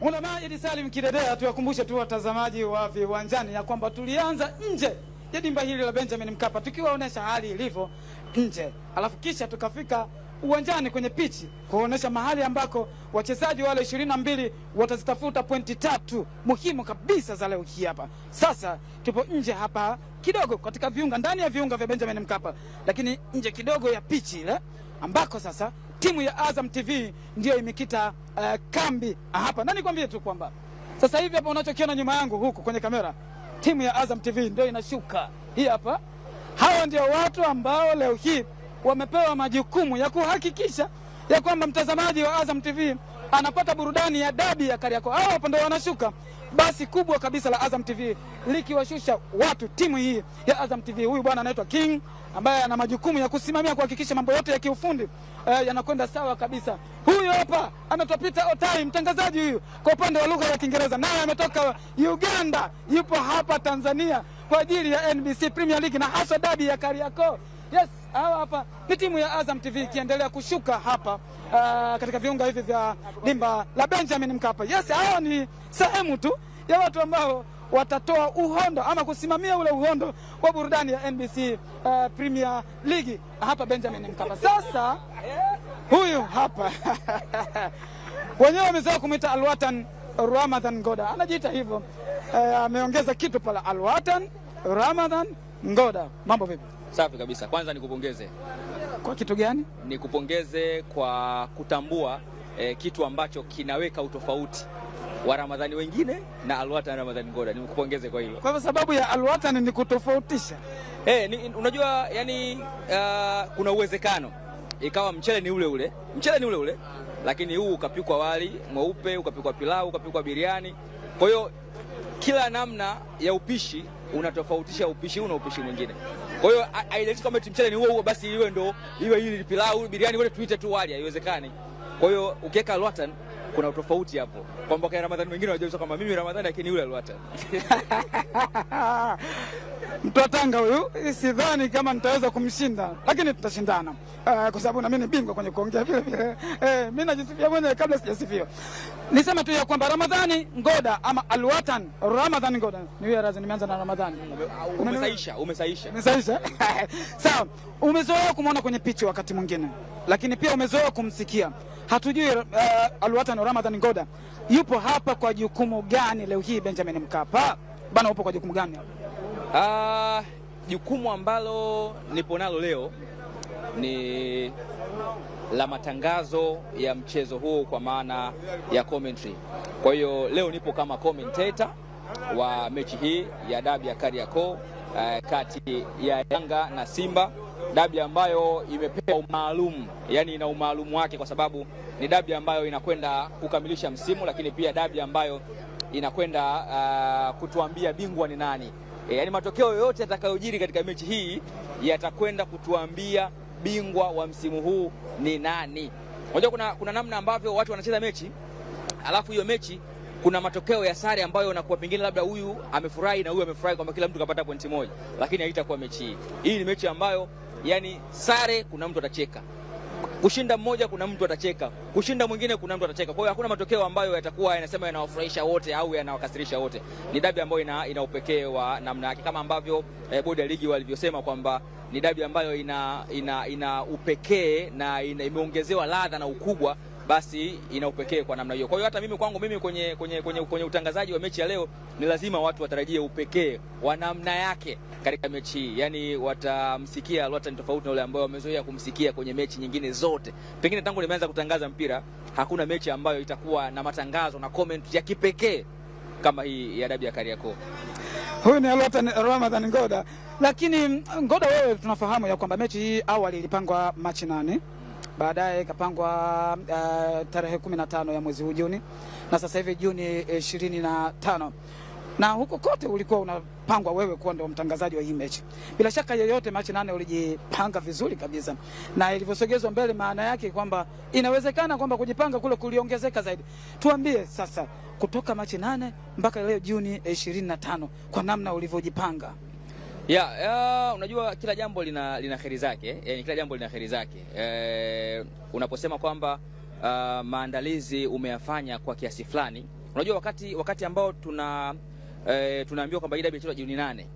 Unamaa Idi Salim Kidedea, tuwakumbushe tu watazamaji wa Viwanjani ya kwamba tulianza nje ya dimba hili la Benjamin Mkapa tukiwaonesha hali ilivyo nje, alafu kisha tukafika uwanjani kwenye pichi kuonesha mahali ambako wachezaji wale ishirini na mbili watazitafuta pointi tatu muhimu kabisa za leo hii. Hapa sasa tupo nje hapa kidogo, katika viunga ndani ya viunga vya Benjamin Mkapa, lakini nje kidogo ya pichi ile ambako sasa timu ya Azam TV ndiyo imekita uh, kambi hapa, na nikwambie tu kwamba sasa hivi hapa unachokiona nyuma yangu huku kwenye kamera, timu ya Azam TV ndio inashuka hii hapa. Hawa ndio watu ambao leo hii wamepewa majukumu ya kuhakikisha ya kwamba mtazamaji wa Azam TV anapata burudani ya dabi ya Kariakoo. Hao hapo ndio wanashuka. Basi kubwa kabisa la Azam TV likiwashusha watu timu hii ya Azam TV. Huyu bwana anaitwa King ambaye ana majukumu ya kusimamia kuhakikisha mambo yote ya kiufundi eh, yanakwenda sawa kabisa. Huyu hapa anaitwa Peter Otai, mtangazaji huyu kwa upande wa lugha ya Kiingereza, naye ametoka Uganda, yupo hapa Tanzania kwa ajili ya NBC Premier League na hasa dabi ya Kariakoo. Yes, hawa hapa ni timu ya Azam TV ikiendelea kushuka hapa uh, katika viunga hivi vya dimba la Benjamin Mkapa. Yes, hayo ni sehemu tu ya watu ambao watatoa uhondo ama kusimamia ule uhondo wa burudani ya NBC uh, ah, Premier League hapa Benjamin Mkapa. Sasa huyu hapa wenyewe wamezoea kumwita Alwatan ramadan Ngoda, anajiita hivyo eh, ameongeza kitu pala Alwatan Ramadhan Ngoda. Mambo vipi? Safi kabisa. Kwanza nikupongeze kwa kitu gani? Ni kupongeze kwa kutambua eh, kitu ambacho kinaweka utofauti wa Ramadhani wengine na Alwatan Ramadhani Ngoda. nikupongeze kwa hilo. Kwa sababu ya Alwatan ni kutofautisha. Eh, ni, unajua yani uh, kuna uwezekano ikawa mchele ni ule ule, mchele ni ule ule, lakini huu ukapikwa wali mweupe, ukapikwa pilau, ukapikwa biriani. Kwa hiyo kila namna ya upishi unatofautisha upishi huu na upishi mwingine. Kwa hiyo identity kama mchele ni huo huo, basi iwe ndo iwe hili pilau, biriani wote tuite tu wali, haiwezekani. Kwa hiyo ukiweka Lwatan kuna utofauti hapo, kwamba kwa Ramadhani wengine wanajua kama mimi Ramadhani, lakini yule aliwata mtu wa Tanga huyu, sidhani kama nitaweza kumshinda, lakini tutashindana uh, kwa sababu na mimi ni bingwa kwenye kuongea vile vile. Eh, mimi najisifia mwenyewe kabla sijasifia. Nisema tu ya kwamba Ramadhani Ngoda ama Alwatan Ramadhani Ngoda ni yeye razi. Nimeanza na Ramadhani, umesaisha umesaisha umesaisha. Sawa, umezoea kumwona kwenye pichi wakati mwingine lakini pia umezoea kumsikia. Hatujui uh, Alwatan Ramadhan Ngoda yupo hapa kwa jukumu gani leo hii Benjamin Mkapa bana, upo kwa jukumu gani Uh, jukumu ambalo nipo nalo leo ni la matangazo ya mchezo huu kwa maana ya commentary. Kwa hiyo leo nipo kama commentator wa mechi hii ya dabi ya Kariakoo uh, kati ya Yanga na Simba dabi ambayo imepewa umaalumu, yani ina umaalumu wake kwa sababu ni dabi ambayo inakwenda kukamilisha msimu, lakini pia dabi ambayo inakwenda uh, kutuambia bingwa ni nani. E, yani matokeo yoyote yatakayojiri katika mechi hii yatakwenda kutuambia bingwa wa msimu huu ni nani. Unajua kuna, kuna namna ambavyo watu wanacheza mechi alafu hiyo mechi kuna matokeo ya sare ambayo unakuwa pengine labda huyu amefurahi na huyu amefurahi kwamba kila mtu kapata pointi moja, lakini haitakuwa mechi hii. Hii ni mechi ambayo yani sare, kuna mtu atacheka kushinda mmoja kuna mtu atacheka, kushinda mwingine kuna mtu atacheka. Kwa hiyo hakuna matokeo ambayo yatakuwa yanasema yanawafurahisha wote au yanawakasirisha wote. Ni dabi ambayo ina, ina upekee wa namna yake, kama ambavyo eh, bodi ya ligi walivyosema kwamba ni dabi ambayo ina, ina, ina upekee na imeongezewa ladha na ukubwa basi ina upekee kwa namna hiyo. Kwa hiyo hata mimi kwangu mimi kwenye, kwenye, kwenye, kwenye utangazaji wa mechi ya leo ni lazima watu watarajie upekee wa namna yake katika mechi hii, yaani watamsikia Lwatan tofauti na ule ambayo wamezoea kumsikia kwenye mechi nyingine zote. Pengine tangu nimeanza kutangaza mpira hakuna mechi ambayo itakuwa na matangazo na comment ya kipekee kama hii ya dabi ya Kariakoo. Huyu ni Lwatan Ramadhan Ngoda. Lakini Ngoda, wewe tunafahamu ya kwamba mechi hii awali ilipangwa Machi nane baadaye ikapangwa uh, tarehe 15 ya mwezi huu Juni, na sasa hivi Juni eh, ishirini na tano na huko kote ulikuwa unapangwa wewe kuwa ndio mtangazaji wa hii mechi. Bila shaka yoyote, Machi nane ulijipanga vizuri kabisa, na ilivyosogezwa mbele, maana yake kwamba inawezekana kwamba kujipanga kule kuliongezeka zaidi. Tuambie sasa, kutoka Machi nane mpaka leo Juni eh, ishirini na tano, kwa namna ulivyojipanga. Yeah, ya, unajua kila jambo lina, lina heri zake, yani kila jambo lina heri zake. E, unaposema kwamba uh, maandalizi umeyafanya kwa kiasi fulani, unajua wakati wakati ambao tuna e, tunaambiwa kwamba dabi inachezwa Juni nane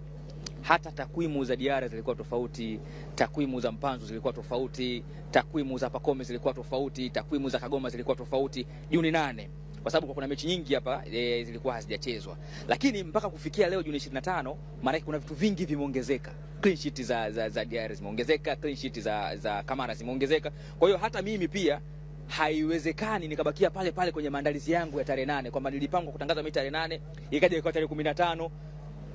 hata takwimu za Diara zilikuwa tofauti, takwimu za Mpanzu zilikuwa tofauti, takwimu za Pakome zilikuwa tofauti, takwimu za Kagoma zilikuwa tofauti Juni nane kwa sababu kuna mechi nyingi hapa e, zilikuwa hazijachezwa, lakini mpaka kufikia leo Juni 25, maana kuna vitu vingi vimeongezeka. Clean sheet za za, za DR zimeongezeka, clean sheet za za Kamara zimeongezeka. Kwa hiyo hata mimi pia haiwezekani nikabakia pale pale kwenye maandalizi yangu ya tarehe nane kwamba nilipangwa kutangaza mechi tarehe nane ikaja ikawa tarehe 15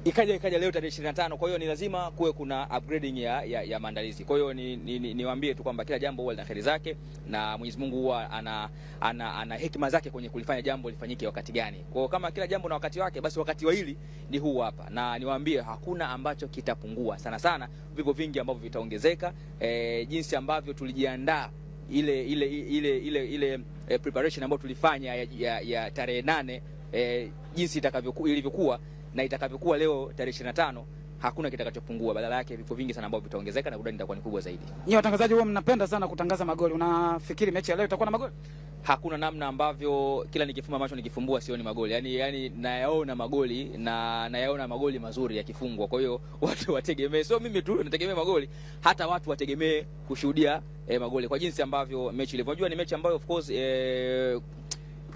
ikaja ikaja leo tarehe 25. Kwa hiyo ni lazima kuwe kuna upgrading ya, ya, ya maandalizi. Kwa hiyo niwaambie ni, ni, ni tu kwamba kila jambo huwa lina heri zake na Mwenyezi Mungu huwa ana, ana, ana hekima zake kwenye kulifanya jambo lifanyike wakati gani. Kwa hiyo kama kila jambo na wakati wake, basi wakati wa hili ni huu hapa, na niwaambie hakuna ambacho kitapungua. Sana sana vipo vingi ambavyo vitaongezeka, e, jinsi ambavyo tulijiandaa ile ile ile ile, ile e, preparation ambayo tulifanya ya, ya, ya tarehe nane e, jinsi itakavyokuwa ilivyokuwa na itakavyokuwa leo tarehe 25 hakuna kitakachopungua, badala yake vipo vingi sana ambavyo vitaongezeka na burudani itakuwa ni kubwa zaidi. Nyie watangazaji huwa mnapenda sana kutangaza magoli, unafikiri mechi ya leo itakuwa na magoli? Hakuna namna ambavyo kila nikifumba macho nikifumbua sioni magoli, yaani yaani nayaona magoli na nayaona magoli mazuri yakifungwa. Kwa hiyo watu wategemee, sio mimi tu nitegemee magoli, hata watu wategemee kushuhudia eh, magoli kwa jinsi ambavyo mechi ilivyojua ni mechi ambayo of course eh,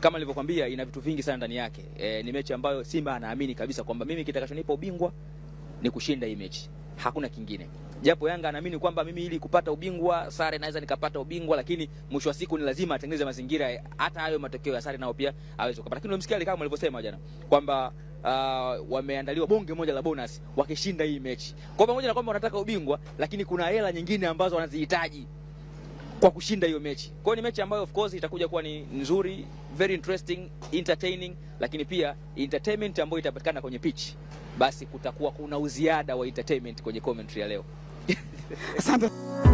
kama nilivyokuambia ina vitu vingi sana ndani yake. E, ni mechi ambayo Simba anaamini kabisa kwamba mimi kitakachonipa ubingwa ni kushinda hii mechi, hakuna kingine. Japo Yanga anaamini kwamba mimi ili kupata ubingwa sare naweza nikapata ubingwa, lakini mwisho wa siku ni lazima atengeneze mazingira eh, hata hayo matokeo ya sare nao pia aweze kupata. Lakini umemsikia kama alivyosema jana kwamba Uh, wameandaliwa bonge moja la bonus wakishinda hii mechi. Kwa pamoja na kwamba wanataka ubingwa, lakini kuna hela nyingine ambazo wanazihitaji kwa kushinda hiyo mechi. Kwa hiyo ni mechi ambayo of course itakuja kuwa ni nzuri, very interesting, entertaining, lakini pia entertainment ambayo itapatikana kwenye pitch, basi kutakuwa kuna uziada wa entertainment kwenye commentary ya leo. Asante.